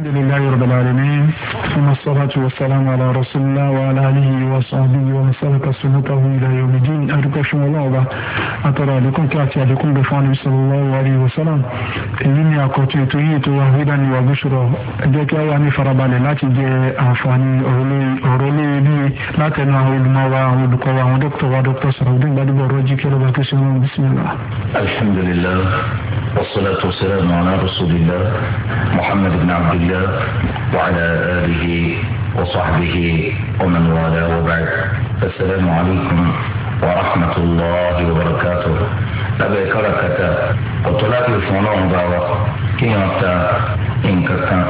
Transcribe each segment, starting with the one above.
الحمد لله رب العالمين ثم الصلاة والسلام على رسول الله وعلى آله وصحبه ومن سلك سنته إلى يوم الدين أدوك فún ọlọ́ọ̀ba àtọ̀rọ̀ àlékún kí àti àlékún gbé fún ànábì sallallahu alayhi wa sallam èyí ni àkọ́tún ètò yìí tó wà nígbà ní wàgúṣọ̀rọ̀ ẹjẹ́ kí wà ní farabalẹ̀ láti jẹ àǹfààní ọ̀rọ̀ léèbí látẹnu àwọn olùmọ̀wá àwọn olùkọ́ wa àwọn dókítà wa dókítà sọ̀rọ̀ ọdún gbadúgbò ọ̀rọ̀ jí kí ọlọ́ba kí sọ́wọ́n bísí والصلاة والسلام على رسول الله محمد بن عبد الله وعلى آله وصحبه ومن والاه وبعد السلام عليكم ورحمة الله وبركاته أبي كركة وطلاق الفنون ضاوة كي أنت إن كان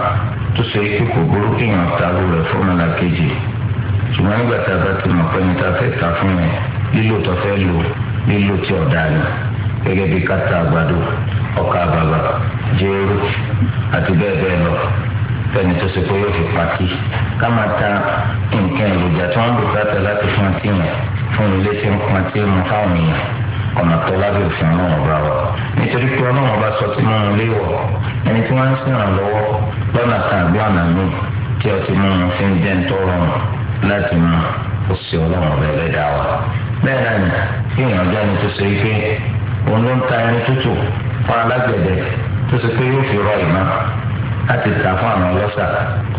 تسيكي كبر كي أنت أقول فنون الكيجي ṣùgbọ́n nígbà tí a bá ti mọ̀ pé ní ta fẹ́ ta fún yẹn lílo tó ọkà bàbà jéró àti bẹ́ẹ̀ bẹ́ẹ̀ lọ fẹ́ni tó ṣe pé yóò fi pàkí ká máa ta nǹkan èròjà tí wọ́n ń bùkátà láti fún ọtí yẹn fún ilé tí ń pọn tí mu fáwọn èèyàn ọ̀nà tó lábẹ́ òfin ọlọ́run ọba wa nítorí pé ọlọ́run ọba sọ tí mo ń lé wọ̀ ẹni tí wọ́n ń ṣèrànlọ́wọ́ lọ́nà kan àbí ọ̀nà míì tí ọtí mú un fi ń jẹ́ ń tọ́ rọrùn láti mú ó sì ọlọ́run ọba ẹlẹ́dàá wa bẹ́ẹ̀ náà ni kí èèyàn ẹni tó ṣe é òun ló ń ta ẹni tútù fún alágbẹ̀dẹ tó ṣe pé yóò fi rọ ìmọ̀ láti tà fún àwọn ọlọ́ṣà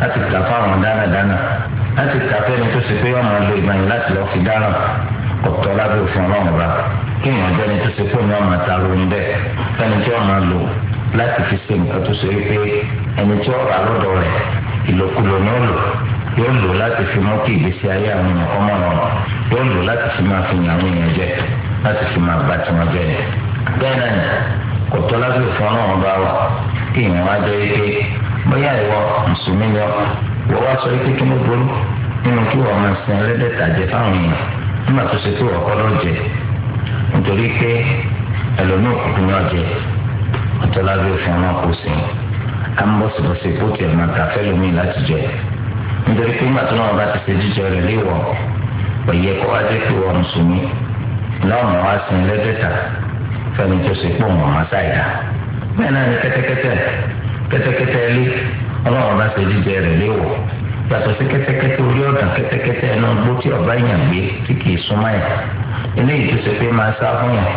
láti tà fún àwọn dánadáná láti tà fẹ́ni tó ṣe pé yóò máa lo ìmọ̀ yìí láti lọ́ọ́ fi dáràn ọ̀tọ̀ lábẹ́ òfin ọlọ́run ọba kí èèyàn jẹ́ni tó ṣe pé òun máa ta lóun bẹ́ẹ̀ fẹ́ni tí wọ́n lò láti fi ṣe nǹkan tó ṣe pé ẹni tí wọ́n rà rẹ̀ ìlòkulò ni ó lò yóò lò láti fi mú kí ìgbésí ayé àwọn èèyàn kọ́ mọ́ láti fi máa bá tiwọn jẹ bẹ́ẹ̀ náà kò tọ́ láti fún ọlọ́run bá wa kí ìwọ̀n á jẹ́ bóyá ìwọ mùsùlùmí yọ wá sọ ike kí nínú kí máa sin jẹ fáwọn èèyàn nígbà tó ṣe jẹ nítorí pé jẹ láti kò sí à ń kó máa ta lómi láti jẹ nítorí pé nígbà tó náà bá ti lọ́mọ wá sin lẹ́dẹ̀ta fẹ́mi tó ṣe pọ̀ mọ́ àṣàyà bẹ́ẹ̀ náà ni kẹ́tẹ́kẹ́tẹ́ kẹ́tẹ́kẹ́tẹ́ ilé ọlọ́run bá ṣe jíjẹ rẹ̀ léwọ̀ yàtọ̀ sí kẹ́tẹ́kẹ́tẹ́ orí ọ̀dàn kẹ́tẹ́kẹ́tẹ́ ẹnu gbó tí ọ̀bá yàn gbé tí kì í súnmọ́ ma eléyìí tó ṣe pé máa sá fún yàn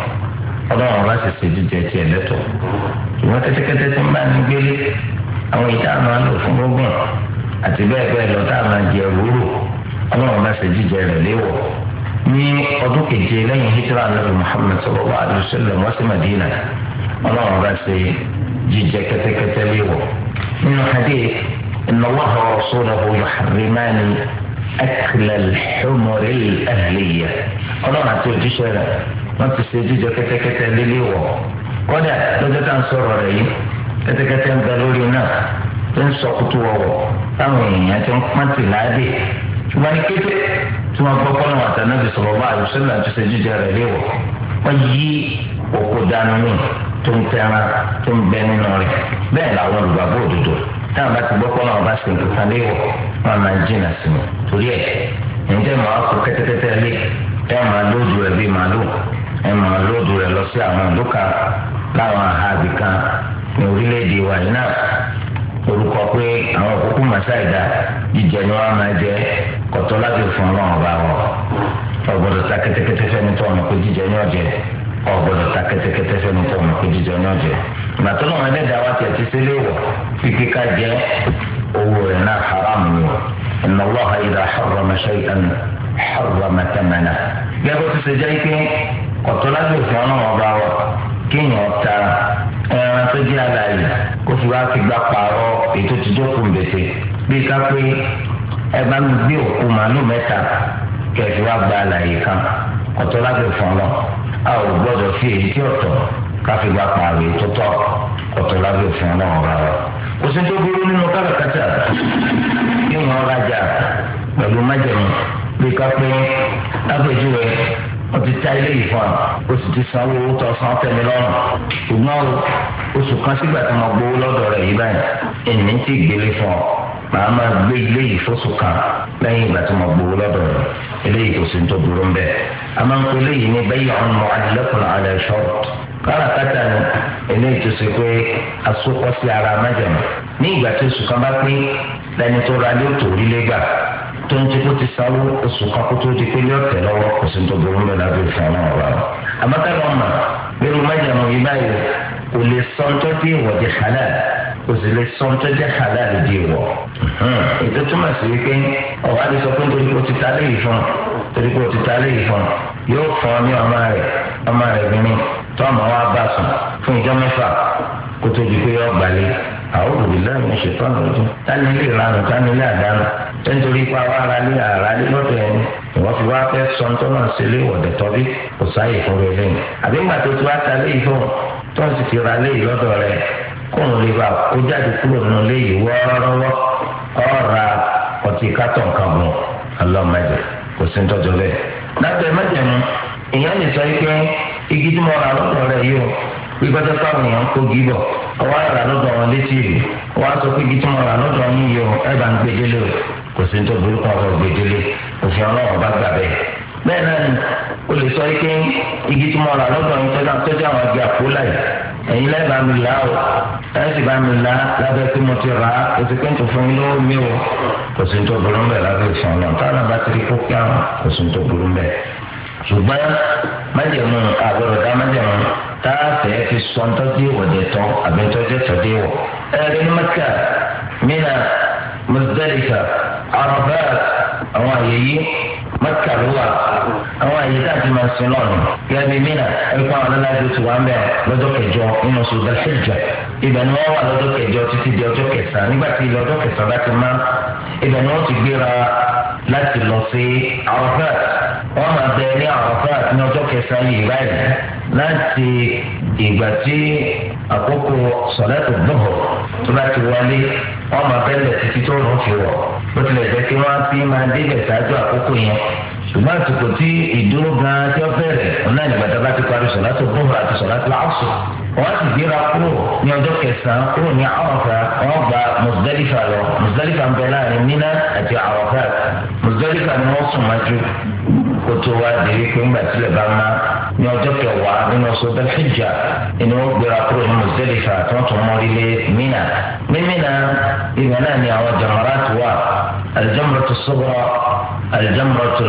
ọlọ́run bá ṣe ṣe jíjẹ lẹ́tọ̀ ṣùgbọ́n kẹ́tẹ́kẹ́tẹ́ ní ọdún keje lẹ́yìn hijira anabi muhammed sallallahu alayhi wa sallam wá sí madina ọlọ́run bá ṣe jíjẹ kẹ́tẹ́kẹ́tẹ́ léwọ̀ nínú hadith inna allaha wa rasulahu yuharrimani akla al-humur al-ahliya ọlọ́run àti òjíṣẹ́ rẹ̀ wọ́n ti ṣe jíjẹ kẹ́tẹ́kẹ́tẹ́ léwọ̀ kọ́dà lọ́jọ́ tá à ń sọ̀rọ̀ rẹ̀ yìí kẹ́tẹ́kẹ́tẹ́ ń ga lórí náà tó ń sọ kútu wọ̀wọ̀ táwọn èèyàn ti ń pọ́ntì láàbì ṣùgbọ́n ní kété tí wọ́n gbọ́ kọ́nà àtànábì sọ̀rọ̀ bá àlùsọ́là tó ṣe jíjẹ rẹ̀ léwọ̀ wọ́n yí òkú dànù mí tó ń tẹ́ran tó ń bẹ nínú rẹ̀ bẹ́ẹ̀ làwọn olùgbàgbọ́ òdodo táwọn bá ti gbọ́ kọ́nà ọba ṣe nǹkan léwọ̀ wọ́n máa kọtọ láti fún Ọlọ́run ọba wọn ọgbọ́dọ̀ ta kẹ́tẹ́kẹ́tẹ́ fẹ́ni tó ọmọ pé jíjẹ ní ọjẹ ọgbọ́dọ̀ ta kẹ́tẹ́kẹ́tẹ́ fẹ́ni tó ọmọ pé jíjẹ ní ọjẹ gbàtọ náà wọn ẹlẹ́dàá wa tiẹ̀ ti sílé wọ kíkí ká jẹ owó rẹ̀ náà haram ni o inna Allaha idha harrama shay'an harrama thamanahu. gẹ́gẹ́ bó ti ṣe jẹ́ kọtọ láti fún Ọlọ́run ọba wọn kéèyàn ta ẹran tó jẹ́ àlàyé kó fi wá fi gbà pààrọ̀ ètò tìjọ́kùn bẹ̀tẹ̀ bí ká pé ẹ bá mi gbé òkú màálù mẹ́ta kẹfì wá gba àlàyé kan ọ̀tọ̀ láti fún lọ a ò gbọ́dọ̀ fi èyí tí ọ̀tọ̀ káfí gba pààrọ̀ èyí tó tọ́ ọ̀tọ̀ láti fún lọ ọ̀rọ̀ rẹ̀ kò sí tó burú nínú káràkátà kí wọ́n rajà pẹ̀lú májèmú bí ká pé lápèjúwe wọ́n ti ta ilé ìfọ̀n o sì ti sanwó owó tó san tẹ̀mí lọ́rùn ṣùgbọ́n oṣù kan sígbà tí wọ́n gbowó lọ́dọ̀ rẹ̀ yìí báyìí èmi ti gbélé e fún ọ màá máa gbé ilé yìí fóṣù kan lẹ́yìn ìgbà tí mo gbowó lọ́dọ̀ rẹ̀ eléyìí kò sí ní tó burú ń bẹ̀. a máa ń pe eléyìí ní bẹ́yà ọ̀n mọ́ alẹ́kùn alẹ́ ṣọ́ọ̀t. káràkátà ni eléyìí tó ṣe pé asopọ̀ sí ara májàmú. ní ìgbà tí oṣù kan bá pín lẹ́ni tó ra lóòótọ́ orílẹ̀ gbà tó ń tí kó ti sáwó oṣù kan kó tó di pé ní ọ̀tẹ̀ lọ́wọ́ kò sí ní tó burú ń bẹ̀ lábẹ́ òfin kò sì lè sọ tọ́jà halal di wọ̀. Hmm. ètò túmọ̀ sí wípé ọ̀gá lè sọ pé nítorí pé o ti ta léyìí fún un torí pé o ti ta léyìí fún un yóò fún ọ ní ọmọ rẹ̀ ọmọ rẹ̀ bínú tó ọmọ wa bá sùn fún ìjọ mẹ́fà kó tó di pé ọgbà lé àwọn olùdílé mi ṣe tán lójú tani ilé ìranù tani ilé àdánù nítorí pé àwọn ará lé àrá lé lọ́dọ̀ ẹni ìwọ́n fi wá fẹ́ sọ tó náà ṣe lé ìwọ̀dẹ̀ tọ́bí kò sáyè fún rẹ̀ lẹ́yìn àbí ńgbà tó ti wá ta lé ìfọ̀ tó ń sì ti ra lé ìlọ́dọ̀ rẹ̀ kó ń lè bá kó jáde kúrò nínú léyìí wọ́ọ́rọ́wọ́ ọ̀ra ọtí kátó nǹkan gùn ọlọ́mọdé kò sí tọ́jú bẹ́ẹ̀. lábẹ́ mẹ́jẹ̀mú èèyàn lè sọ pé igi tí mo rà lọ́dọ̀ rẹ̀ yìí o bí pẹ́tẹ́ pàwọn èèyàn kó gíbọ̀ ọwọ́ àrà lọ́dọ̀ wọn létí sọ pé igi tí mo rà lọ́dọ̀ yìí o ẹ̀ bá ń gbèdélé o kò sí tó burúkú òfin ọlọ́run bá gbà bẹ́ẹ̀. ẹ̀yin lẹ́ẹ̀ bá mi là o ẹ̀ sì bá mi là lábẹ́ pé mo ti rà á o ti pé n tó fún mi lówó mi o kò sí n tó burú mbẹ lábẹ́ òfin náà táwọn bá ti rí kó kí àwọn kò sí n tó burú mbẹ ṣùgbọ́n májèmú àgbọ̀rọ̀ dá májèmú tá a fẹ́ fi sọ ń tọ́jú ìwọ̀dẹ̀ tán àbí tọ́jú ìtọ́jú ìwọ̀ ẹ̀rí ní mẹ́kà mínà Muzdalifa Arafat àwọn àyè yìí mẹ́ta ló wà àwọn àyè tá a ti máa sin náà nù gẹ́gẹ́ bí mí náà ẹ̀ka àwọn aláàjò ti wà ń bẹ̀ lọ́jọ́ kẹjọ nínú oṣù dàṣẹ́jọ ibẹ̀ ni wọ́n wà lọ́jọ́ kẹjọ títí di ọjọ́ kẹsàn-án nígbà tí ilẹ̀ ọjọ́ kẹsàn-án bá ti má ibẹ̀ ni wọ́n ti gbéra láti lọ sí Arafat wọ́n máa bẹ ní Arafat ní ọjọ́ kẹsàn-án yìí báyìí láti ìgbà tí àkókò sọ̀lẹ́tò gbọ̀họ̀ tó bá ti wọlé wọn máa bẹ́lẹ̀ títí tó rùn fi wọ̀ bó tilẹ̀ jẹ́ kí wọ́n fi máa débẹ̀ ṣáájú àkókò yẹn ṣùgbọ́n àsìkò tí ìdúró gan-an tí ó bẹ̀rẹ̀ ọ̀nà ìgbàdá bá ti parí sọ̀látò bóhùn àti sọ̀látò àṣù wọ́n sì gbéra kúrò ní ọjọ́ kẹsàn-án kúrò ní àwọ̀fà wọ́n gba Muzdalifa lọ Muzdalifa ń bẹ láàrin Mina àti àwọ̀fà Muzdalifa ni wọ́n sùn májú kó tó wá dé wípé ńgbà tílẹ̀ bá máa ní ọjọ́ kẹwàá nínú oṣù bẹ́lẹ́jà ni wọ́n gbéra kúrò ní Muzdalifa tí wọ́n tún mọ́rí lé Mina ní Mina ibẹ̀ náà ni àwọn jamarat wà al-jamratu as-sughra al-jamratu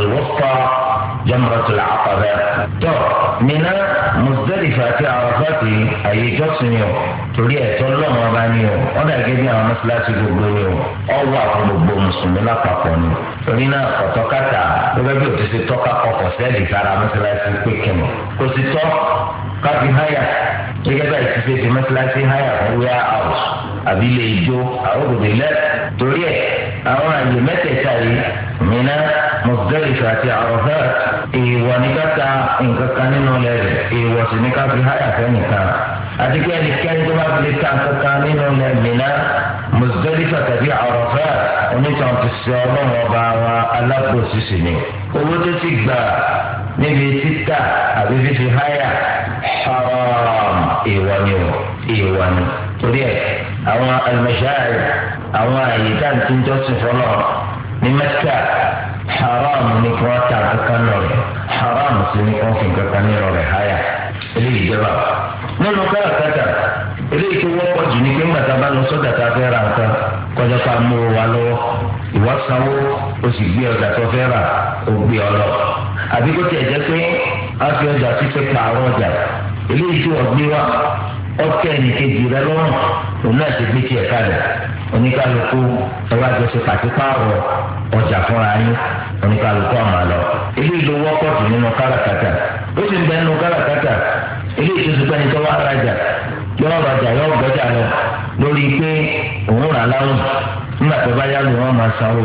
jamratul aqaba tó Mina Muzdalifa àti Arafati àyè ìjọsìn yìí o torí ẹ̀tọ́ lọ́wọ́ bá ní o wọ́n dà gẹ́gẹ́ bí àwọn mọ́sálásí gbogbo ni o ọwọ́ àwọn gbogbo mùsùlùmí lápapọ̀ ni torí náà ọ̀tọ́ kàtà gẹ́gẹ́ bí òtún ṣe tọ́ka kọkọ̀ sẹ́ẹ̀lì sára mọ́sálásí pé kẹmọ̀ kò sì tọ́ káfí háyà gẹ́gẹ́ bí àìsí ṣe ti mọ́sálásí háyà fún wíyá house àbí ilé ijó àwọn òbòdè lẹ́ torí ẹ̀ àwọn àyè mẹ́tẹ̀ẹ̀ta yìí Mina Muzdalifa àti Arafat èèwọ̀ ní ká ta nǹkan kan nínú ilẹ̀ rẹ̀ èèwọ̀ sì ní ká fi háyà fẹ́nìkan àti pé ẹnikẹ́ni tó bá fi lè ta nǹkan kan nínú ilẹ̀ Mina Muzdalifa tàbí Arafat onítàn ti sọ ọlọ́run ọba wa alábòsíṣì ni owó tó ti gbà níbi títà àbí fífi háyà haram èèwọ̀ ni o èèwọ̀ ni torí ẹ àwọn alimọ̀ṣáà àwọn àyè tá à ń tí ń jọ́sìn fọlọ́ ní Mẹ́kà. haram ní kí wọ́n ta kankan nù rẹ̀ haram sì ní kí wọ́n fi kankan nínú rẹ̀ háyà eléyìí jẹba nínú káràkátà eléyìí tó wọ́pọ̀ jù ní pé ńgbà lọ sọ́dà tá a o wa lọ́wọ́ ìwọ sanwó o sì gbé ọjà tó o gbé ọ lọ àbí kó tiẹ̀ jẹ́ pé a fi ọjà títí ọjà tó wa ọkẹ́ oníkálukú ẹwà àjọṣe pàṣípààrọ̀ ọjà fúnra yín oníkálukú ọmọ àlọ ilé ìlú wọ́pọ̀ nínú káràkátà ó sì ń bẹ nínú ilé ìtúsí pẹ́ni tó wá rajà yọ rajà yọ gbọ́jà lọ lórí pé òun rà láwùn nígbà tó bá yá wọ́n máa sanwó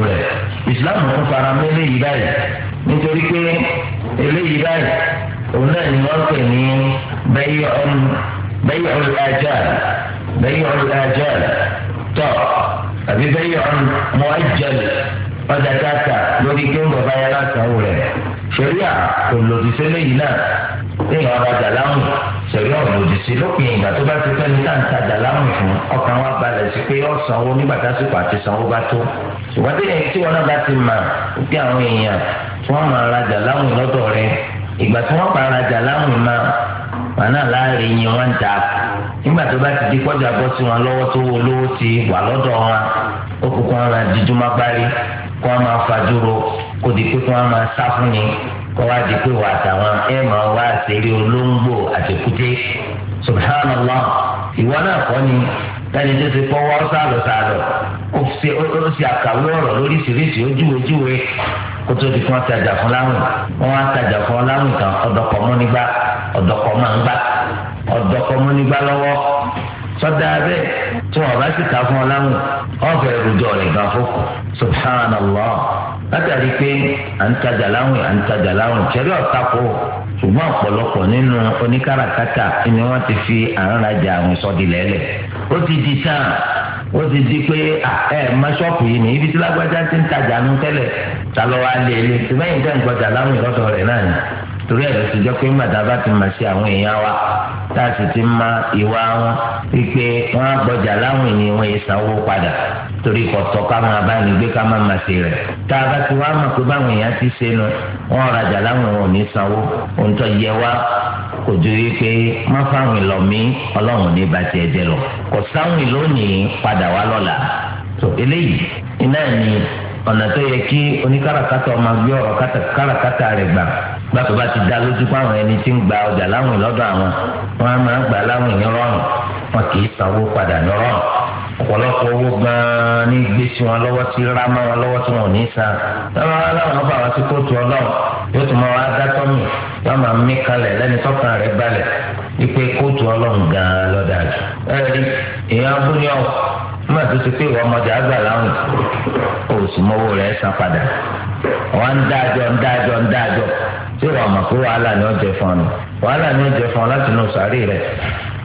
ń fara mọ́ eléyìí báyìí nítorí pé eléyìí báyìí òun náà ni wọ́n pè ní tọ́ àbí bẹ́yọ̀ mọ́ ẹ̀jẹ̀lì ọjà dáta lórí kéwòn bàbá yẹn lásàáwò rẹ̀ sẹ̀ríà kò lòdì sílẹ̀ yìí náà ní ìwà bàjá láwùn sẹ̀ríà ò lòdì sí lópin ìgbà tó bá ti fẹ́ ní táǹtà dà fún ọkàn wa balẹ̀ sí pé ó sanwó nígbà tásìkò àti sanwó bá tó ìwádìí yẹn tí wọn náà bá ti mà bí àwọn èèyàn tí wọn máa rajà láwùn lọ́dọ̀ rẹ̀ ìgbà tí wọn máa rajà láwùn máa wà náà láàrin yín wọn dáa nígbà tó bá ti di kọjá bọ́ sí wọn lọ́wọ́ tó wo lówó ti wà lọ́dọ̀ wọn ó kú kó wọn máa dídúmọ́ gbárí kó wọn máa fàdúró kó di pé kó wọn máa sá fún ni kó wá di pé wà àtàwọn ẹ̀ máa wá àṣírí olóńgbò àti kúté subhanallah ìwọ náà kọ́ ni lẹ́ni tó ti pọ́ wọ́ sálọ sálọ ó ṣe àkàwé ọ̀rọ̀ lóríṣiríṣi ojúwèjúwe kó tó di fún ọ̀tajà fún láwìn wọn á tajà fún ọ láwìn kan ọ̀dọ̀kọ̀ mọ́ nígbà ọ̀dọ̀kọ̀ ọ̀dọ́ kọ́mọ́ nígbà lọ́wọ́ sọ́dà abẹ́ tí wọ́n bá sì ká fún ọ láwùn ọ̀fẹ́ rújọ nìgbà fún subhanallah látàrí pé à ń tajà láwùn à ń tajà láwùn ṣẹ́rí ọ̀tá kó ṣùgbọ́n ọ̀pọ̀lọpọ̀ nínú oníkàràkátà ni wọ́n ti fi àrànrajà àwìn sọ́dí lẹ́lẹ̀ ó ti di tán ó ti di pé ẹ má ṣọ́ọ̀pù yìí ní ibi tí lágbájá ti ń tajà nù tẹ́lẹ̀ ta lọ́wọ́ alẹ́ ilé e ṣùgbọ́n ìjọ ìgbọ́jà láwùn ìlọ́dọ̀ rẹ̀ náà ni torí ẹ̀ ló ti jẹ́ pé màdà bá ti mà sí àwọn èèyàn wa tá a sì ti ma ìwà wọn wípé wọ́n á gbọ́jà láwọn ènìyàn wọn ta sanwó padà torí kọ̀tọ̀ ká máa bá ní gbé ká máa mà sí rẹ̀ tá a bá ti wá mọ̀ pé báwọn èèyàn ti ṣe nu wọ́n rajà láwọn wọn ò ní sanwó ohun tó yẹ wá kò ju wípé má fáwọn gbàtọ́ bá ti dá lójú pé àwọn ẹni tí ń gba ọjà láwìn lọ́dọ̀ àwọn wọn á máa gbà láwìn ní rọrùn wọn kì í sanwó padà ní rọrùn ọ̀pọ̀lọpọ̀ owó gan-an ní gbé sí wọn lọ́wọ́ tí rá mọ́ wọn lọ́wọ́ tí wọn ò ní san lọ́wọ́ aláwọ̀ bá wọn sí kóòtù ọlọ́run yóò tún mọ́ wá máa mí kalẹ̀ lẹ́ni tọ́kàn rẹ̀ balẹ̀ wípé kóòtù ọlọ́run gan-an lọ́dà jù. èèyàn abúlé tí wàá mọ̀ pé wàhálà ni wọ́n jẹ fún ọ ni wàhálà ni wọ́n jẹ fún ọ láti inú sàárè rẹ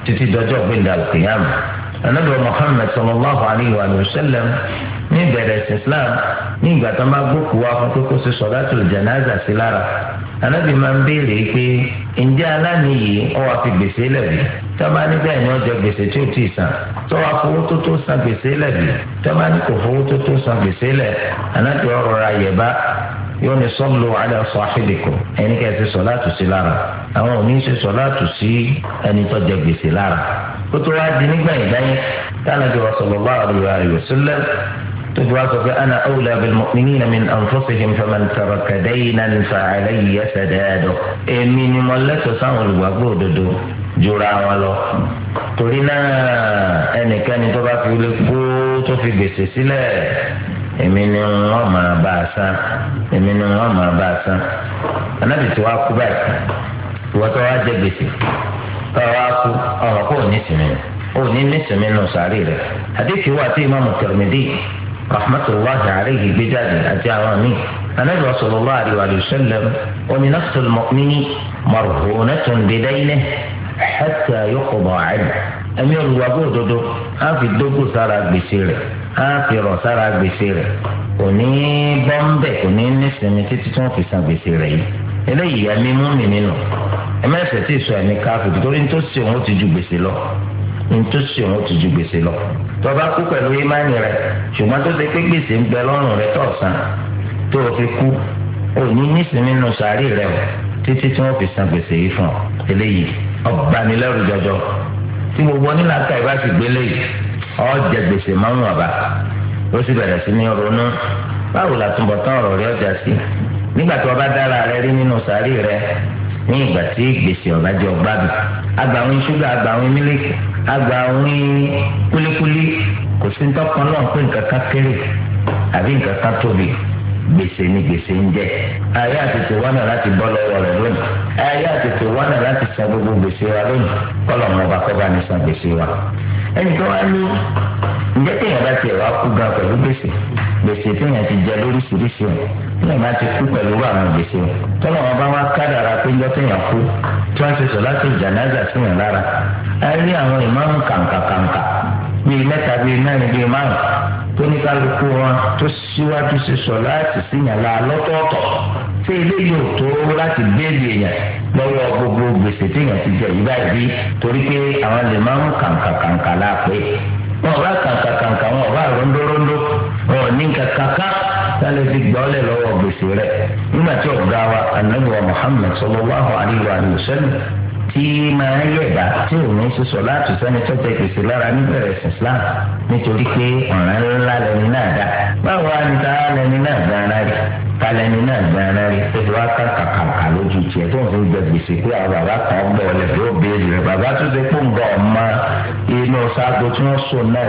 títí dọjọ́ gbẹ̀dà kìyàmù anabi muhammed sallallahu alayhi wa sallam ní ìbẹ̀rẹ̀ ẹ̀sìn islam ní ìgbà tó máa gbókù wá fún kókó sí sọ̀dátù jẹ̀náza sí lára anabi máa ń béèrè pé ǹjẹ́ aláníyì ọ wá fi gbèsè lẹ̀bi tọ́ba níbẹ̀ ni ọjọ́ gbèsè tí ò tí ì san tọ́wọ́ fowó tó tó san gbèsè lẹ̀bi tọ́ba ní kò fowó tó tó san gbèsè lẹ̀ anabi ọ̀rọ̀ ra yóò ní sọ́ọ̀lù alẹ́ sọ àfẹ́lẹ́kọ̀ ẹni kẹ́ ẹ ti sọ láti sí lára àwọn ò ní ṣe sọ láti sí ẹni tó jẹ gbèsè lára ó tó wá di nígbà ìdáyẹn tánàbí wa sallallahu alaihi wa sallam tó ti wá sọ pé ana awla bil mu'minina min anfusihim faman taraka daynan fa alayya sadadu èmi ni mo lẹ́tọ̀ọ́ sáwọn olùgbàgbọ́ òdodo jura wọn lọ torí náà ẹnikẹ́ni tó bá fi lè kú tó fi gbèsè sílẹ̀ èmi ni wọ́n máa bá a san èmi ni wọ́n máa bá a san anábì tí wàá kú báyìí ìwọ tó wàá jẹ gbèsè tó wàá kú ọ̀rọ̀ kó o ní sinmi o ní ní sinmi nù sàárì rẹ̀ àdéhùn wà tí ìmáàmù Tirmidhi rahmatullahi alayhi gbé jáde àti àwọn míì anábì sallallahu alayhi wa sallam oní nafsul mu'mini marhunatun bidaynihi hatta yuqda anhu ẹ̀mí olùwàgbọ́ òdodo á fi dógò sára gbèsè rẹ̀ á fi rọ̀ sára gbèsè rẹ̀ kò ní bọ́m̀bẹ̀ kò ní nísìnyí títí tí wọ́n fi san gbèsè rẹ̀ yìí eléyìí ẹ̀mí mú mi nínú ẹ̀mí ẹ̀sẹ̀ tí ì sọ ẹ̀mí káfíìtì torí nítòsí òun ó ti ju gbèsè lọ nítòsí òun ó ti ju gbèsè lọ tọba kú pẹ̀lú ìmánì rẹ̀ ṣùgbọ́n tó ṣe pé gbèsè ń bẹ lọ́rùn rẹ̀ tó san tó o fi kú ò ní nísìnyí nínú sàárì rẹ̀ o títí tí wọ́n fi san gbèsè yìí fún ọ eléyìí ọ̀gbanilẹ́rù jọjọ tí gbogbo onílàkà ìbá ti gbélé yìí ọjà gbèsè máa ń wà bá ó sì bẹ̀rẹ̀ sí ní ronú báwo la túnbọ̀ tán ọ̀rọ̀ rẹ ọjà sí nígbà tí ọba dára rẹ rí nínú sàárì rẹ ní ìgbà tí gbèsè ọba jẹ ọgbà bì agbàwìn ṣúgà agbàwìn mílíkì agbàwìn kúlíkúlí kò sí ní tọkàn náà pé nǹkan kan kéré àbí nǹkan kan tóbi gbèsè ni gbèsè ń jẹ ayé àtètè láti lónìí ayé àtètè láti san gbogbo wa. ẹni tó wá ní ǹjẹ́ téèyàn bá tiẹ̀ wá kú gan pẹ̀lú gbèsè gbèsè téèyàn ti jẹ lóríṣiríṣi o bá ti kú pẹ̀lú àwọn gbèsè o wọn bá wá kádàrà pé ńjọ́ kú tí wọ́n ti sọ láti jànáza síyàn lára tóníkàlùkù wọn tó síwájú ṣe sọ láti síyànlá lọ́tọ̀ọ̀tọ̀ ṣé eléyìí ò tó láti béèlì èèyàn lọ́wọ́ gbogbo gbèsè téèyàn ti jẹ yìí báyìí torí pé àwọn lè máa ń kàǹkà kàǹkà láàpẹ́ wọn ò bá kàǹkà kàǹkà wọn ò bá rondórondó wọn ò ní kàkàkà sálẹ̀ fi gbọ́ lẹ̀ lọ́wọ́ gbèsè rẹ̀ nígbà tí ọ̀gá wa anábìwá Muhammad sallallahu alaihi wa sallam tí máa ń yẹ̀dá tí ò ní sísọ láti sẹ́ni tó tẹ gbèsè lára níbẹ̀rẹ̀ sí Islam nítorí pé ọ̀ràn ńlá lẹni náà dá báwo á ní ta lẹni náà gánra rí ta lẹni náà gánra rí ó ti wá ká kàkàkà lójú tiẹ̀ tó ń fi gbẹ gbèsè pé àwọn bàbá kan gbọ́ ọ lẹ̀ tó béèrè rẹ̀ bàbá tó ti kó ń gbọ́ ọ̀ ma inú ságo tí wọ́n so náà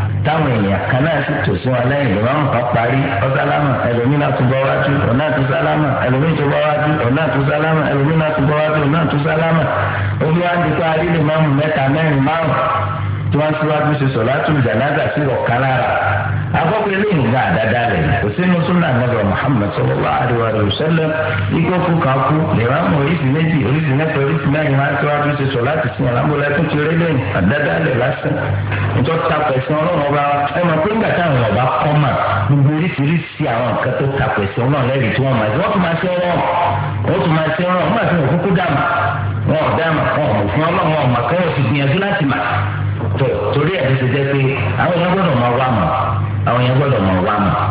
táwọn èèyàn kan náà sì tò sí wọn lẹ́yìn ìmáàmù kan parí ọ̀sálámà ẹlòmíì náà tún bọ́ wájú ọ̀nà tún sálámà ẹlòmíì tún bọ́ wájú ọ̀nà tún sálámà ẹlòmíì náà tún bọ́ wájú ọ̀nà tún sálámà olú wa ń dikọ́ adílé máàmù mẹ́ta mẹ́rin márùn tí wọ́n síwájú ṣe sọ̀látù jánásà sí ọ̀kan lára àkọ́kọ́ eléyìí nǹkan dada rẹ̀ kò sínú na nàbẹ̀ Muhammad sallallahu alaihi wa sallam ikú kú kan kú lèèrè àwọn oríṣi méjì oríṣi mẹ́ta oríṣi mẹ́rin máa ń tó wájú ṣe sọ láti sìn ẹ̀ lámúlẹ̀ tó ti rẹ́ lẹ́yìn àdáadáa rẹ̀ ọba ẹ mọ̀ pé nígbà awọn ọba kọ́ mà gbogbo oríṣiríṣi tó tapẹ̀ ma ọlọ́run ma se àwọn yẹn gbọ́dọ̀ mọ̀ wá mọ̀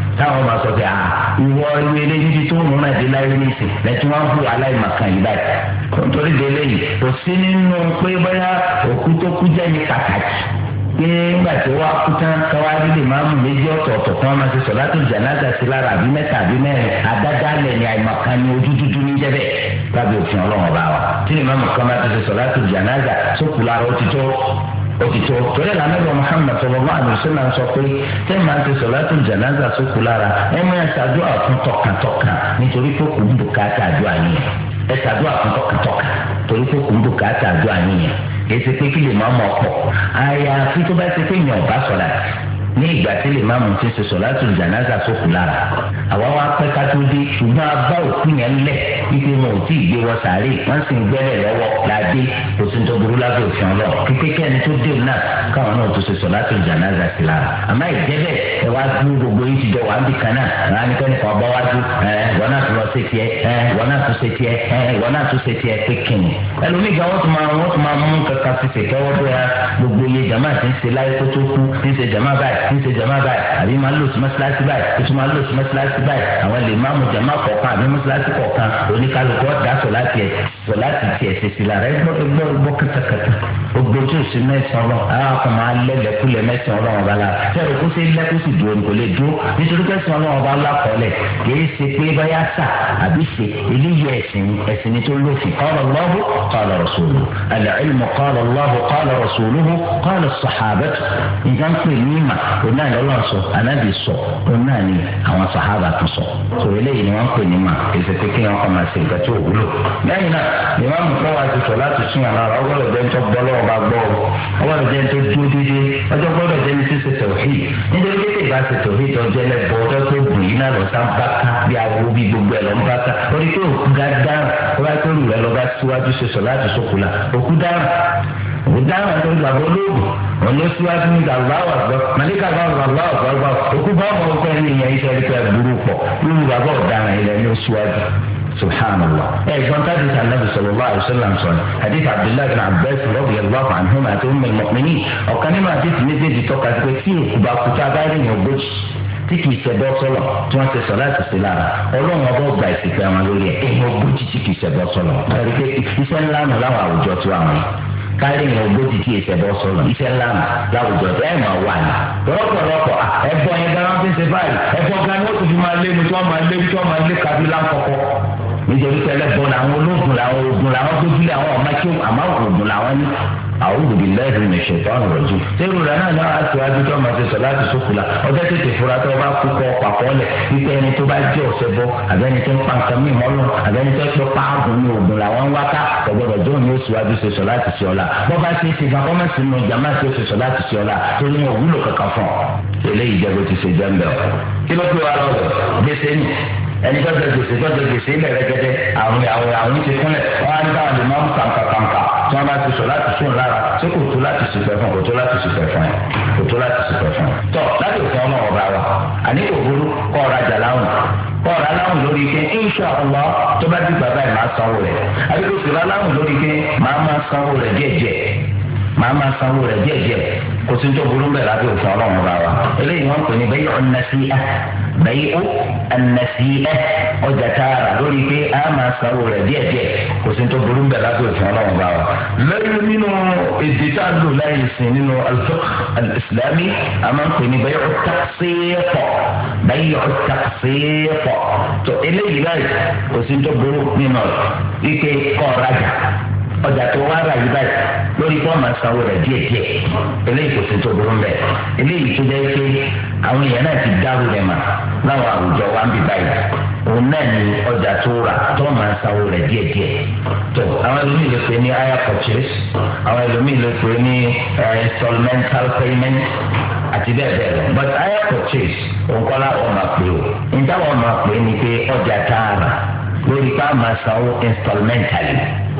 táwọn máa sọ pé à ah, ìwọ ìwé eléyìí tó mú náà dé láyé nìsín lẹ́tí wọ́n hu aláìmọ̀kan yìí báyìí nítorí délé yìí kò sí nínú pé bóyá òkú tó kú jẹ́ ní kàkàkì pé nígbà tí wọ́n kú tán káwá lílè máa mú méjì ọ̀tọ̀ọ̀tọ̀ kan máa ti sọ láti jànáza sí lára àbí mẹ́ta àbí mẹ́rin àdádálẹ̀ ní àìmọ̀kan ní ojú dúdú ní jẹ́bẹ̀ lábẹ́ òfin ọlọ́run ọba wa tí ni máa mú kan òtítọ́ tọ́lẹ̀ lànà bọ̀ Muhammad sallallahu alaihi wasallam sọ pé tẹ́ máa ti sọ̀láàtù jánásà sókù lára ẹ máa ṣàdúrà fún tọkàntọkàn nítorí pé kò ń bùkátà àdúrà yẹn ẹ ṣàdúrà fún tọkàntọkàn torí pé kò ń bùkátà àdúrà yẹn èsì pé kí lè má mọ̀ ọ̀pọ̀ àyàfi tó bá ti pé yẹn ọ̀ ní ìgbà tí lè máàmù ti ṣe sọ̀látù jànáza sókù lára àwa wá pẹ́ ká tó dé ṣùgbọ́n a bá òkú yẹn lẹ̀ wípé wọn ò tí ì gbé wọ sàárè wọ́n sì ń gbẹ́rẹ̀ lọ́wọ́ ládé kò sí tó burú lábẹ́ òfin ọlọ́ kíkẹ́ kẹ́ni tó dé náà káwọn náà tó ṣe sọ̀látù jànáza sí lára àmọ́ ìjẹ́bẹ̀ ẹ wá dúró gbogbo yìí ti jọ wà ń bì kan náà àwọn anìkẹ́ni kan bọ́ wájú ìwọ náà tún lọ sí tiẹ̀ náà tún ṣe tiẹ̀ náà tó kú ń ṣe jama báyìí àbí máa ń lò sí mọ́ṣáláṣí báyìí ó tún máa ń lò sí mọ́ṣáláṣí báyìí àwọn lè máa mú jama kọ̀ọ̀kan àbí mọ́ṣáláṣí kọ̀ọ̀kan oníkálukú ọ̀dà sọ̀ láti ẹ̀ sọ̀ láti tiẹ̀ ṣèṣì lára ẹ gbọ́ gbọ́ kàtàkàtà gbogbo tí o sì mẹ́sàn-án lọ àwọn kan máa lẹ́lẹ̀kú lẹ mẹ́sàn-án lọ́wọ́ bá la fẹ́rẹ̀ kó ṣe lẹ́kú sì dúró kò lè dúró nítorí mẹ́sàn-án lọ́wọ́ òun náà lọ́lọ́ sọ anábì sọ òun náà ni àwọn sàhábà tó sọ tó eléyìí ni wọ́n pè ní mà èsì pé kí wọ́n kọ́ máa ṣe nǹkan tí ò wúlò. lẹ́yìn náà ni wọ́n mú fún wa ti sọ láti sún àná ọ̀rọ̀ ọgbọ́dọ̀ jẹ́ tó gbọ́ lọ́wọ́ bá gbọ́ ọ ọgbọ́dọ̀ jẹ́ tó dúró dídí ọjọ́ gbọ́dọ̀ jẹ́ ní sísè tòhí nítorí pé tèbá ṣe tòhí tó jẹ́ lẹ́bọ̀ ọjọ́ tó bùn yín náà lọ sá bá ká ìdáhùn àti ìgbàgbọ́ lóògùn wọn ló síwájú ní gàgbáwà gbọ́ màlíkà gbàgbà gbàgbà gbà òkú bá ọmọ ọkọ ẹni ìyẹn iṣẹ́ ẹni pé burú pọ̀ lórí bàbá ọ̀daràn ilẹ̀ ní oṣùwájú subhanallah ẹ gbọ́n tá àdìsí anabi sallallahu alaihi wasallam sọ̀rọ̀ àdìsí abdullahi bin abbas radiyallahu anhuma àti ummul mu'minin ọ̀kan nínú àdìsí méjèèjì tọ́ka pé tí òkú bá kú tá a bá rí ìyẹn ogójì tí kìí ṣẹbọ sọlọ tí wọn ti sọ láti ṣe lára Ọlọ́run ọba ọgbà ìsìnkú àwọn lórí ẹ èèyàn ogójì tí kìí ṣẹbọ sọlọ ẹ rí i pé iṣẹ́ ńlá nù láwọn àwùjọ tó àwọn yìí kárí ìyẹn ogójì tí èsì ẹ̀bọ sọ̀rọ̀ iṣẹ́ ńlá mi láwùjọ ẹ̀ máa wà ní. lọ́pọ̀lọpọ̀ ẹ̀bọ yẹn gan-an fi ń ṣe báyìí ẹ̀bọ gan ni wọ́n ti fi máa lé mi tí wọ́n máa lé mi tí wọ́n máa lé kabila kọ̀kọ́. nítorí pẹ̀lẹ́ bọ̀ làwọn olóògùn làwọn oògùn làwọn gbójúlé àwọn ọ̀mọ́kí àmọ́ oògùn làwọn ní a'udhu billahi minash shaitani rajim. sẹ́rù rẹ̀ náà náà àti wájú tó máa ṣe sọ láti sókùlà ọjọ́ tètè fura tó bá kú kọ́ pàkọ́lẹ̀ wípé ẹni tó bá jẹ́ ọ̀sẹ̀ bọ́ àbẹ́ni tó ń pa nǹkan mí mọ́lọ́ àbẹ́ni tó ń pẹ́ páàgùn ní oògùn làwọn ń wáká ọ̀gbọ́dọ̀ jọ́ ní oṣù wájú ṣe sọ láti ṣe ọ̀la bọ́ bá ṣe ti gbàgbọ́ mọ̀ sínú ìjàmbá ṣe ṣe sọ láti ṣe ọ̀la torí wọn wúlò kankan fún ọ. eléyìí jẹ́ bó ti ṣe jẹ́ ń bẹ̀ ọ́ kí ló gbèsè ni ẹni gbèsè ilẹ̀ rẹ̀ gẹ́gẹ́ àwọn àwọn àwọn ti kúnlẹ̀ wọ́n á ń dáhùn lè má mú kàǹkà kàǹkà tí wọn bá ti sọ láti sún lára ṣé kò tó láti ṣùfẹ́ fún kò tó láti ṣùfẹ́ fún ẹ kò tó láti ṣùfẹ́ fún ẹ. tọ láti òfin ọmọ ọba wa àní kò burú kọ ọ̀rọ̀ ajá láwùn kọ ọ̀rọ̀ aláwùn lórí ike insha Allah tó bá di bàbá ẹ̀ máa sanwó rẹ̀ àbí sì rà aláwùn lórí ike máa máa sanwó rẹ̀ díẹ̀díẹ̀ màá máa sanwó rẹ̀ díẹ̀díẹ̀ kò sí tó burú bẹ́ẹ̀ lábẹ́ òfin ọlọ́run ra wa eléyìí wọ́n pè ní bẹ́ẹ̀ yọ̀ ọ́ bẹ́ẹ̀ ó ẹnẹsì ẹ ọjà tààrà lórí pé a máa sanwó rẹ̀ díẹ̀díẹ̀ kò sí tó burú bẹ̀ lágbo ìfún ọlọ́run bá wa. lẹ́yìn nínú èdè tá a lò láyé sìn nínú al-fiqh al-islami a máa ń pè ní bẹ́ẹ̀ ó tàṣípọ̀ bẹ́ẹ̀ ó tàṣípọ̀ tó eléyìí láyé kò sí tó burú nínú ike kọ́ ọ̀rajà ọjà tó wá rà yí báyìí lórí kó máa sanwó rẹ̀ díẹ̀ díẹ̀ eléyìí kò sí tó burú mbẹ eléyìí tó jẹ́ pé àwọn èèyàn náà ti dárò rẹ̀ mà láwọn àwùjọ wa ń bì báyìí òun náà ni ọjà tó rà tó máa sanwó rẹ̀ díẹ̀ díẹ̀ tó àwọn ẹlòmíì lè pè ní hire purchase àwọn ẹlòmíì lè pè ní eh, installmental payment àti bẹ́ẹ̀ bẹ́ẹ̀ lọ but hire purchase òǹkọ́lá wọn máa pè ó níta wọn máa pè é ni pé ọjà tá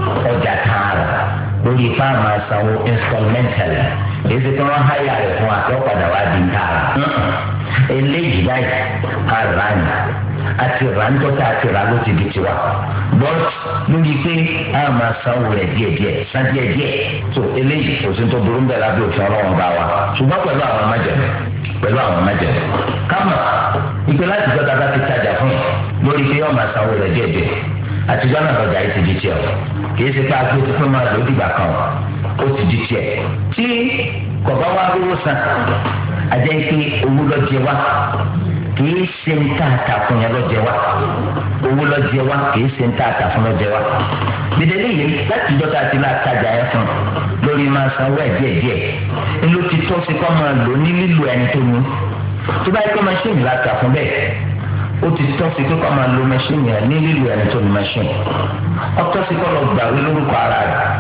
ọjà tààrà lórí ipá máa sanwó installmental èsì tí wọ́n háyà rẹ̀ fún àti ọ̀padà wá di tààrà eléyìí báyìí ara ni àti ràǹdọ́tà àti ràǹdọ́ ti di tiwa but lórí pé a máa sanwó rẹ̀ díẹ̀díẹ̀ san díẹ̀díẹ̀ tó eléyìí kò sí tó burú bẹ́ẹ̀ lábẹ́ òfin ọlọ́run bá wa ṣùgbọ́n pẹ̀lú àwọn májẹ̀mú pẹ̀lú àwọn májẹ̀mú kámọ̀ ìpè láti gbọ́dọ̀ bá ti tajà fún lórí pé yóò máa sanwó rẹ̀ díẹ̀díẹ̀ àtijọ́ náà lọ́jà yìí ti di tiẹ̀ o kì í ṣe pé agbó tuntun máa lò ó dìgbà kan o ó ti di tiẹ̀ tí kọ̀bá wa rówó san àjẹ́ pé owó lọ jẹ wá kì í ṣe ń tà àtàkùn yẹn lọ jẹ wá owó lọ jẹ wá kì í ṣe ń tà àtàkùn lọ jẹ wá dídẹ́lẹ́ yìí láti ìjọba àti ilé àtajà ẹ̀ fún lórí máa sanwó ẹ̀ díẹ̀díẹ̀ ńlọ ti tọ́ sí kọ́ máa lò ní lílo ẹni tó ní tó bá yẹ máa ṣe ó ti tọ́ sí pé kó máa lo mẹ́ṣíìnì yẹn ní lílo ẹni tó ní mẹ́ṣíìnì ó tọ́ sí kó lọ gbàwé lórúkọ ara rẹ̀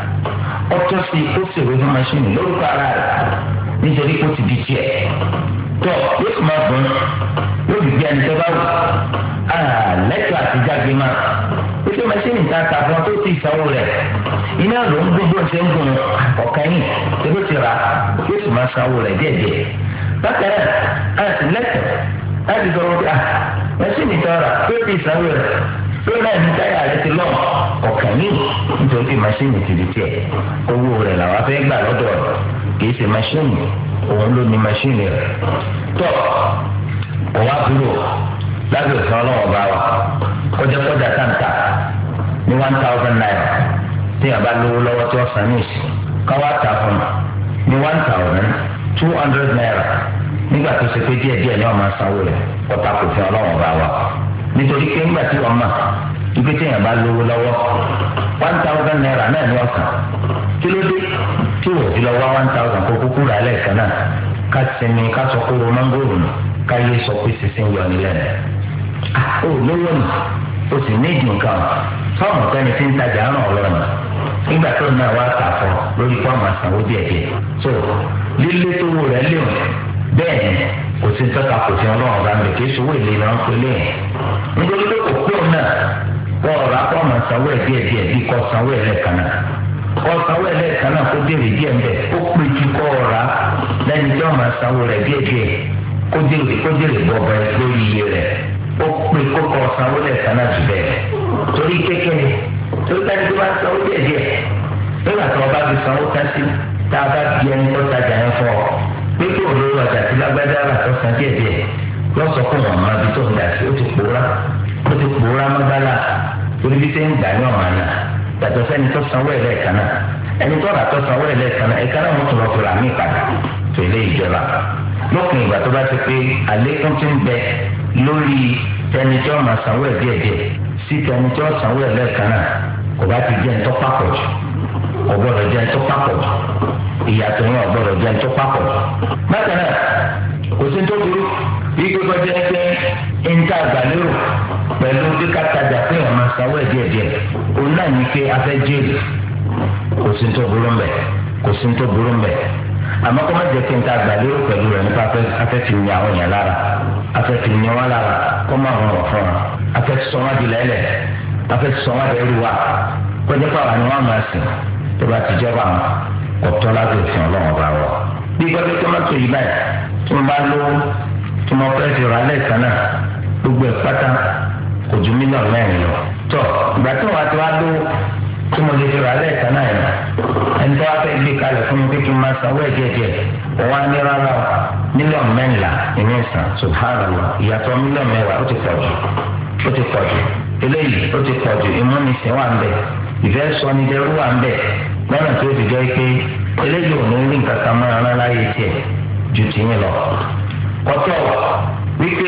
ó tọ́ sí ó ṣèwé fún mẹ́ṣíìnì lórúkọ ara rẹ̀ nítorí pé ó ti di tiẹ̀ tọ́ yóò sì máa bùn yóò fi gbé ẹni tó bá wù á lẹ́tọ̀ àti jáde máa ó ṣe mẹ́ṣíìnì tá ta fún ọ tó ti sanwó rẹ̀ iná ló ń gbogbo ṣe ń gun ọ̀kan yìí tó ti ra yóò sì máa sanwó rẹ̀ díẹ̀díẹ̀ bákan mẹ́sìnì tọ́ra pé bí ìsanwó rẹ̀ pé náà ní táyà rẹ̀ ti lọ ọ̀kàn yìí nítorí mẹ́sìnì ti di tiẹ̀ owó rẹ̀ làwọn afẹ́ gbà lọ́dọ̀ rẹ̀ kìí ṣe mẹ́sìnì òun ló ní mẹ́sìnì rẹ̀ tọ́ òun àbúrò lábẹ́ òfin ọlọ́wọ́ bá wa kọjá kọjá táǹtà ní one thousand naira tí a bá lówó lọ́wọ́ tí wọ́n san ní ìsìn káwá tà fún mi ní one thousand two hundred naira nígbà tó ṣe pé díẹ̀ díẹ̀ ni wọ́n máa sanwó rẹ̀ ọ̀tà kò fi ọlọ́run bá wa nítorí pé nígbà tí wọ́n mà ibi tí èèyàn bá lówó lọ́wọ́ one thousand naira náà ni wọ́n kàn kí ló dé tí wò ó lọ wá one thousand kó kúkú rà lẹ́ẹ̀kan náà ká sinmi ká sọ pé romangoru nù ká yé sọ pé sísìn yọ nílẹ̀ rẹ̀ ó lówó nù ó sì ní ìdí nǹkan fọ́ọ̀mù tẹ́ni tí ń tajà ràn ọ́ lọ́nà nígbà tó náà wá tà fọ́ lórí fọ́ọ̀mù àsanwó díẹ̀díẹ̀ so lílé tó wò rẹ̀ léwu bẹ́ẹ̀ ni kò sí tọ́ka kò sí ọlọ́run bá mi kì í ṣòwò ìlera ń pelé yẹn nítorí pé kò pé òun náà wọ́n ọ̀rọ̀ akọ́ ọ̀nà sanwó ẹ̀ díẹ̀ díẹ̀ bí kò sanwó ẹ̀ lẹ́ẹ̀kan náà kò sanwó ẹ̀ lẹ́ẹ̀kan náà kó béèrè díẹ̀ ńbẹ̀ ó pè jù kọ́ ọ̀rá lẹ́ni tí ọ̀nà sanwó rẹ̀ díẹ̀ díẹ̀ kó béèrè kó béèrè bọ̀bọ̀ ẹ̀ lórí iye rẹ̀ ó pè kó kọ́ sanwó lẹ́ẹ̀kan náà jù bẹ́ẹ̀ torí kékeré torí káni tó bá sanwó díẹ̀ díẹ̀ nígbà tó o bá fi sanwó kásí tá a bá fi ẹni tó tajà yẹn fún ọ pé kí òun lórí ọjà tí lágbájá rà tó san díẹ̀ díẹ̀ lọ́sọ̀ kó wọn máa bí tó ń dà sí ó ti pòórá ó ti pòórá mọ́gbálà torí bí sẹ́yìn gbà ní ọ̀ràn náà yàtọ̀ sẹ́ni tó sanwó ẹ̀ lẹ́ẹ̀kan náà ẹni tó rà tó sanwó ẹ̀ lẹ́ẹ̀kan náà ẹ̀ka náà mo tún lọ fi rà mí padà tó ilé ìjọba lópin ìgbà tó bá ti pé àlékún ti ń bẹ lórí tẹni tó máa sanwó ẹ̀ díẹ̀díẹ̀ sí tẹni tó sanwó ẹ̀ lẹ́ẹ̀kan náà kò bá ti jẹ́ ń tọ́ pàpọ̀ jù ọgbọ́dọ̀ jẹ́ ẹjọ́ papọ̀ ìyàtọ̀ náà ọgbọ́dọ̀ jẹ́ ẹjọ́ papọ̀. bákan náà kò sí tó burú bí gbogbo jẹ́ ẹgbẹ́ níta àgbàlérò pẹ̀lú kíkà tajà pé wọn máa sanwó òun náà ní pé kò sí tó burú kò sí tó burú kọ́ má kí àgbàlérò pẹ̀lú nípa ní àwọn yẹn lára ní wọn lára kọ́ má sọ wọn di lẹ́lẹ̀ sọ wọn tó bá ti jọba wọn kò tọ́ láti òfin ọlọ́run bá wọ. bí gbọ́dọ̀ tó máa tó yìí báyìí tó ń bá lówó tó máa fẹ́ fi ràlẹ́ kan náà gbogbo ẹ̀ pátá kò ju mílíọ̀nù mẹ́rin lọ. tọ́ ìgbà tí wàá ti wá lówó tó mo lè fi ràlẹ́ kan náà yẹn ẹni tó wá fẹ́ gbé kalẹ̀ fún mi pé kí n máa sanwó ẹ̀jẹ̀ díẹ̀ òun á ní rárá o mílíọ̀nù mẹ́rìnlá ìní ìsàn subhanallah ìyàtọ̀ mílíọ̀nù lọ́nà tí ó ti jẹ́ pé eléyìí ò ní rí nǹkan kan máa rán láyé tiẹ̀ ju tìyìn lọ. kọ́tọ́ wípé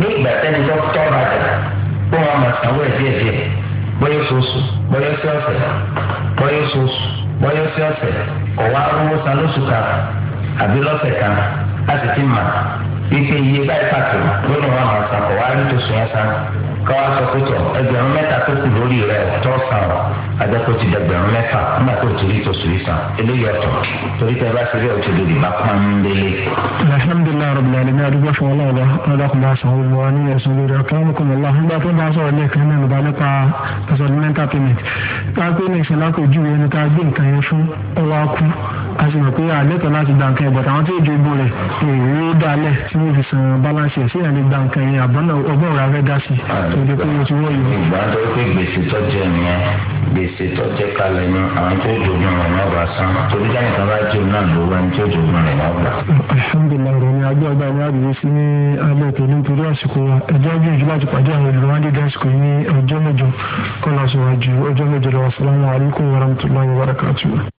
ní ìgbà tẹ́ni tó tọ́ra jù kó wọn máa sanwó ẹ̀ díẹ̀ díẹ̀ bóyá oṣooṣù bóyá sí ọ̀sẹ̀ bóyá oṣooṣù bóyá sí ọ̀sẹ̀ ọ̀wá owó san lóṣù kan àbí lọ́sẹ̀ kan láti ti mà wípé iye báyìí pàtó lónìí wọn máa san ọ̀wá nítòsí yẹn san káwá sọ pé tọ ẹgbẹ̀rún mẹ́ta tó kù lórí rẹ tó san ọ adẹ́kọ̀ ti dẹgbẹ̀rún mẹ́fà nígbà tó torí tó sùn sàn eléyìí ọ̀tọ̀ torí tẹ bá ṣe bí ọ̀tọ̀ lórí bá pọ́n ń délé. alhamdulilayi rabi alayi adigun fún ọlọ́ọ̀dọ́ ọlọ́kùnrin aṣọ òwò ní ẹ̀sùn lórí ọ̀kẹ́ ọmọkùnrin ọlá nígbà tó bá sọ̀rọ̀ lẹ́ẹ̀kan náà nípa nípa ẹ̀sọ̀ mental payment káàpé ní ìṣẹ̀lá kò ju ẹni ká gbé nǹkan yẹn fún ọwọ́ akú a sì mọ̀ pé àlẹ́tọ̀ láti gba nǹkan ẹ̀bọ̀tà àwọn tí ó jogbo rẹ̀ èrè ó dálẹ̀ tí wọ́n fi san balance ẹ̀ sí ìyàlẹ́ gba nǹkan yẹn àbọ̀nà ọgbọ́n rẹ̀ afẹ́ dá sí i tó dé pé o ti wọ́ yìí. ìgbà tó pé gbèsè tó jẹ nìyẹn gbèsè tó jẹ kalẹ̀ ni àwọn tó jogbo rẹ̀ náà bá san torí jáde kan bá jẹun náà ló wá ní tó jogbo rẹ̀ náà gbà. alhamdulilayi rẹ̀ ni agbẹ́ ọgbà ni àbíyé sí ní alẹ́ òkè nítorí àsìkò wa ẹjọ́ bí ìjọba ti pàdé àwọn olùwádìí dásìkò ní ọjọ́ mẹ́jọ kọ́lá sọ̀rọ̀ ju ọjọ́ mẹ́jọ lọ́wọ́